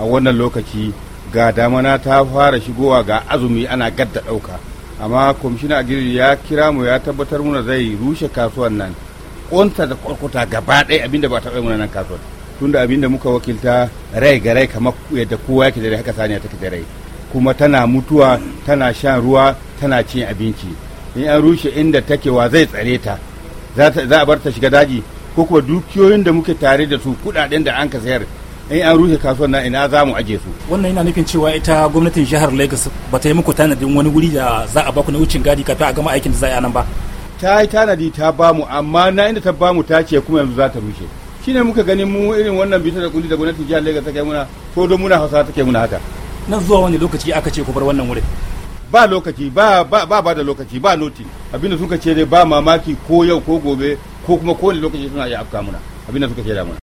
a wannan lokaci ga na ta fara shigowa ga azumi ana gadda ɗauka amma kwamishina agiri ya kira mu ya tabbatar muna zai rushe kasuwan nan ƙonta da kwarkwata gaba ɗaya abinda ba taɓa muna nan kasuwan tunda abinda muka wakilta rai ga rai kamar yadda kowa yake da rai haka saniya take da rai kuma tana mutuwa tana shan ruwa tana cin abinci in an rushe inda take wa zai tsare ta za a bar ta shiga daji ko kuma dukiyoyin da muke tare da su kuɗaɗen da an ka sayar in an rushe kasuwar na ina za mu aje su wannan yana nufin cewa ita gwamnatin jihar Lagos ba ta yi muku tanadin wani wuri da za a baku na wucin gadi kafin a gama aikin da za a yi nan ba ta yi tanadi ta bamu amma na inda ta bamu ta ce kuma yanzu za ta rushe shine muka gani mu irin wannan bita da kundi da gwamnatin jihar Lagos ta kai muna ko don muna hausa ta kai muna haka na zuwa wani lokaci aka ce ku bar wannan wurin ba lokaci ba ba ba da lokaci ba noti abinda suka ce dai ba mamaki ko yau ko gobe ko kuma kowane lokaci suna yi afka muna abinda suka ce da muna